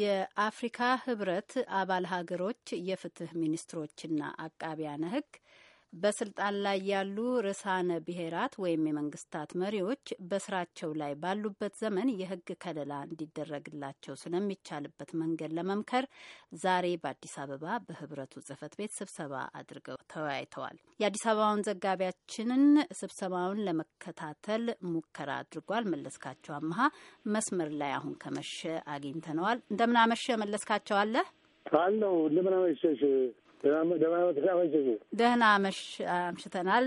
የአፍሪካ ህብረት አባል ሀገሮች የፍትህ ሚኒስትሮችና አቃቢያነ ህግ በስልጣን ላይ ያሉ ርዕሳነ ብሔራት ወይም የመንግስታት መሪዎች በስራቸው ላይ ባሉበት ዘመን የህግ ከለላ እንዲደረግላቸው ስለሚቻልበት መንገድ ለመምከር ዛሬ በአዲስ አበባ በህብረቱ ጽህፈት ቤት ስብሰባ አድርገው ተወያይተዋል። የአዲስ አበባውን ዘጋቢያችንን ስብሰባውን ለመከታተል ሙከራ አድርጓል። መለስካቸው አመሀ መስመር ላይ አሁን ከመሸ አግኝተነዋል። እንደምናመሸ መለስካቸው አለ አለው እንደምናመሸሽ ደህና መሽ አምሽተናል።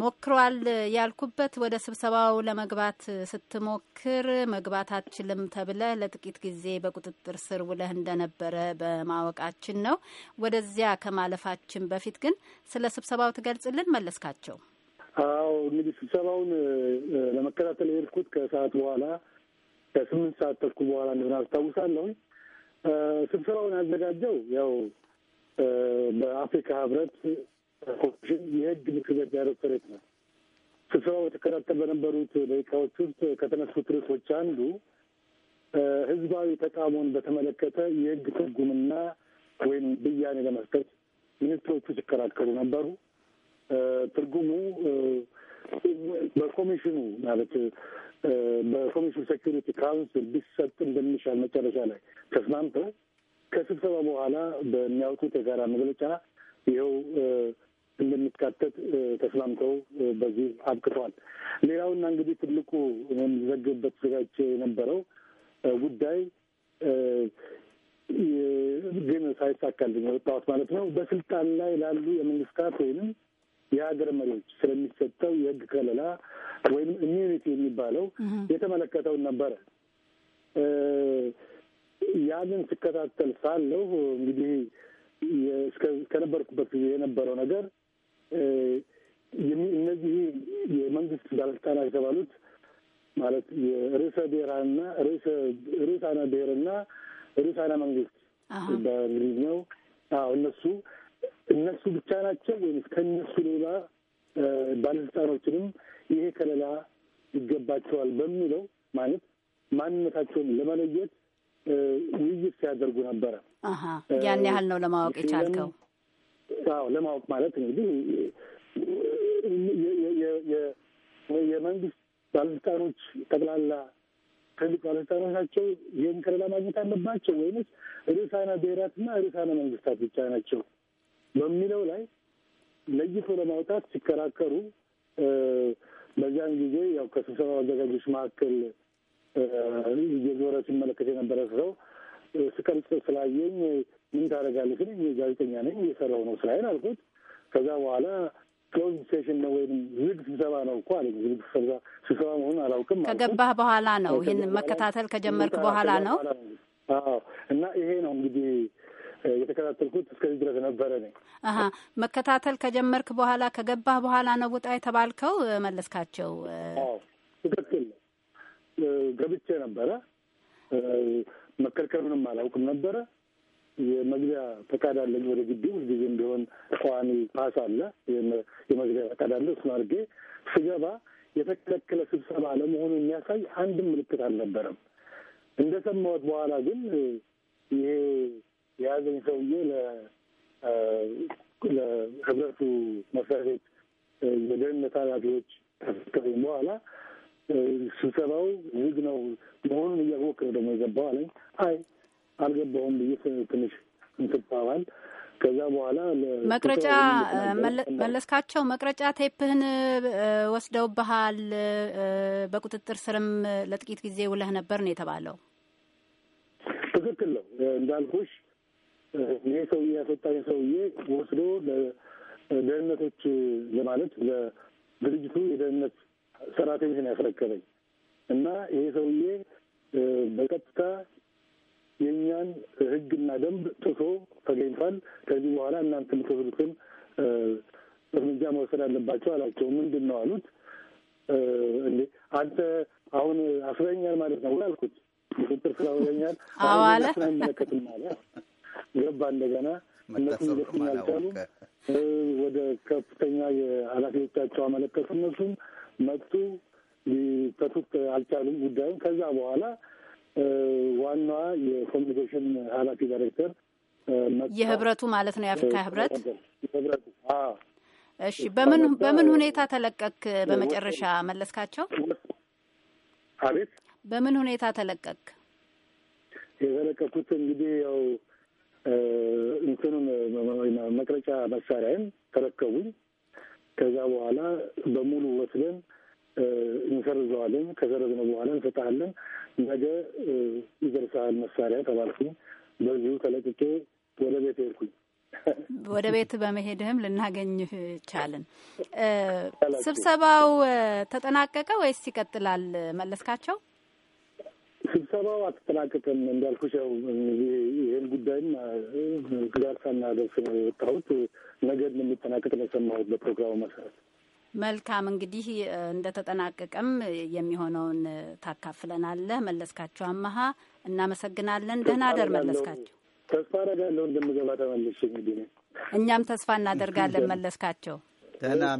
ሞክሯል ያልኩበት ወደ ስብሰባው ለመግባት ስትሞክር መግባት አትችልም ተብለህ ለጥቂት ጊዜ በቁጥጥር ስር ውለህ እንደነበረ በማወቃችን ነው። ወደዚያ ከማለፋችን በፊት ግን ስለ ስብሰባው ትገልጽልን መለስካቸው? አዎ እንግዲህ ስብሰባውን ለመከታተል የሄድኩት ከሰዓት በኋላ ከስምንት ሰዓት ተኩል በኋላ እንደሆነ አስታውሳለሁ። ስብሰባውን ያዘጋጀው ያው በአፍሪካ ህብረት ኮሚሽን የህግ ምክር ቤት ዳይሬክቶሬት ነው። ስብሰባው የተከታተል በነበሩት ደቂቃዎች ውስጥ ከተነሱት ርዕሶች አንዱ ህዝባዊ ተቃውሞን በተመለከተ የህግ ትርጉምና ወይም ብያኔ ለመስጠት ሚኒስትሮቹ ሲከራከሩ ነበሩ። ትርጉሙ በኮሚሽኑ ማለት በኮሚሽኑ ሴኪሪቲ ካውንስል ቢሰጥ እንደሚሻል መጨረሻ ላይ ተስማምተው ከስብሰባ በኋላ በሚያወጡት የጋራ መግለጫ ይኸው እንደሚካተት ተስማምተው በዚህ አብቅተዋል። ሌላውና እንግዲህ ትልቁ የሚዘግብበት ዘጋጅ የነበረው ጉዳይ ግን ሳይሳካልኝ የወጣሁት ማለት ነው። በስልጣን ላይ ላሉ የመንግስታት ወይንም የሀገር መሪዎች ስለሚሰጠው የህግ ከለላ ወይም ኢሚዩኒቲ የሚባለው የተመለከተውን ነበረ። ያንን ስከታተል ሳለሁ እንግዲህ እስከነበርኩበት ጊዜ የነበረው ነገር እነዚህ የመንግስት ባለስልጣናት የተባሉት ማለት የርዕሰ ብሔራና ርዕሳነ ብሔርና ርዕሳነ መንግስት በእንግሊዝኛው አዎ፣ እነሱ እነሱ ብቻ ናቸው ወይም ከእነሱ ሌላ ባለስልጣኖችንም ይሄ ከለላ ይገባቸዋል በሚለው ማለት ማንነታቸውን ለመለየት ውይይት ሲያደርጉ ነበረ። ያን ያህል ነው ለማወቅ የቻልከው? አዎ ለማወቅ ማለት እንግዲህ የመንግስት ባለስልጣኖች ጠቅላላ ትልቅ ባለስልጣኖች ናቸው ይህን ከለላ ማግኘት አለባቸው ወይምስ ርዕሳነ ብሔራትና ርዕሳነ መንግስታት ብቻ ናቸው በሚለው ላይ ለይቶ ለማውጣት ሲከራከሩ በዚያን ጊዜ ያው ከስብሰባ አዘጋጆች መካከል እየዞረ ሲመለከት የነበረ ሰው ስቀርጽ ስላየኝ ምን ታደርጋለህ ሲለኝ ጋዜጠኛ ነኝ እየሰራሁ ነው ስላይን አልኩት። ከዛ በኋላ ክሎዝ ሴሽን ነው ወይም ዝግ ስብሰባ ነው እኮ አለኝ። ዝግ ስብሰባ ስብሰባ መሆኑን አላውቅም። ከገባህ በኋላ ነው ይህን መከታተል ከጀመርክ በኋላ ነው። አዎ እና ይሄ ነው እንግዲህ የተከታተልኩት እስከዚህ ድረስ ነበረ ነኝ። መከታተል ከጀመርክ በኋላ ከገባህ በኋላ ነው ውጣ የተባልከው መለስካቸው? ገብቼ ነበረ። መከልከሉንም አላውቅም ነበረ። የመግቢያ ፈቃድ አለኝ ወደ ግቢ ሁልጊዜም ቢሆን ቋሚ ፓስ አለ። የመግቢያ ፈቃድ አለ። እሱን አድርጌ ስገባ የተከለከለ ስብሰባ ለመሆኑ የሚያሳይ አንድም ምልክት አልነበረም። እንደሰማሁት በኋላ ግን ይሄ የያዘኝ ሰውዬ ለህብረቱ መስሪያ ቤት የደህንነት ኃላፊዎች ከፍከኝ በኋላ ስብሰባው ዝግ ነው መሆኑን እያወቅ ደግሞ የገባው አለኝ። አይ አልገባውም ብዬ ትንሽ እንትባባል ከዛ በኋላ መቅረጫ መለስካቸው መቅረጫ ቴፕህን ወስደውብሃል፣ በቁጥጥር ስርም ለጥቂት ጊዜ ውለህ ነበር ነው የተባለው። ትክክል ነው እንዳልኩሽ፣ ይሄ ሰውዬ ያስወጣኝ ሰውዬ ወስዶ ለደህንነቶች ለማለት ለድርጅቱ የደህንነት ሰራተኞች ነው ያስረከበኝ እና ይሄ ሰውዬ በቀጥታ የእኛን ህግና ደንብ ጥሶ ተገኝቷል። ከዚህ በኋላ እናንተ የምትወስዱትን እርምጃ መወሰድ አለባቸው አላቸው። ምንድን ነው አሉት። እንዴ አንተ አሁን አስረኛል ማለት ነው አልኩት። ቁጥር ስላወኛል አሁን አይመለከትም አለ። ገባ እንደገና እነሱ ሊደፍኝ አልቻሉም። ወደ ከፍተኛ የኃላፊዎቻቸው አመለከቱ። እነሱም መቅቱ ሊፈቱት አልቻሉም ጉዳይም ከዛ በኋላ ዋናዋ የኮሚኒኬሽን ኃላፊ ዳይሬክተር የህብረቱ ማለት ነው የአፍሪካ ህብረት ህብረቱ እሺ፣ በምን በምን ሁኔታ ተለቀክ? በመጨረሻ መለስካቸው፣ አቤት፣ በምን ሁኔታ ተለቀክ? የተለቀኩት እንግዲህ ያው እንትኑን መቅረጫ መሳሪያን ተረከቡኝ። ከዛ በኋላ በሙሉ ወስደን እንሰርዘዋለን። ከሰረዝነው በኋላ እንሰጥሃለን፣ ነገ ይደርሰሃል መሳሪያ ተባልኩኝ። በዚሁ ተለቅቄ ወደ ቤት ሄድኩኝ። ወደ ቤት በመሄድህም ልናገኝህ ቻልን። ስብሰባው ተጠናቀቀ ወይስ ይቀጥላል? መለስካቸው ስብሰባው አትጠናቀቅም እንዳልኩሽ፣ ያው ይህን ጉዳይም ጋር ሳናደርስ ነው የወጣሁት። ነገ እንደሚጠናቀቅ ነው የሰማሁት በፕሮግራሙ መሰረት። መልካም እንግዲህ እንደተጠናቀቀም የሚሆነውን ታካፍለናለህ። መለስካቸው አመሀ እናመሰግናለን። ደህና አደር መለስካቸው። ተስፋ አደርጋለሁ እንደምገባ ተመልሼ። እንግዲህ እኛም ተስፋ እናደርጋለን መለስካቸው። ደህና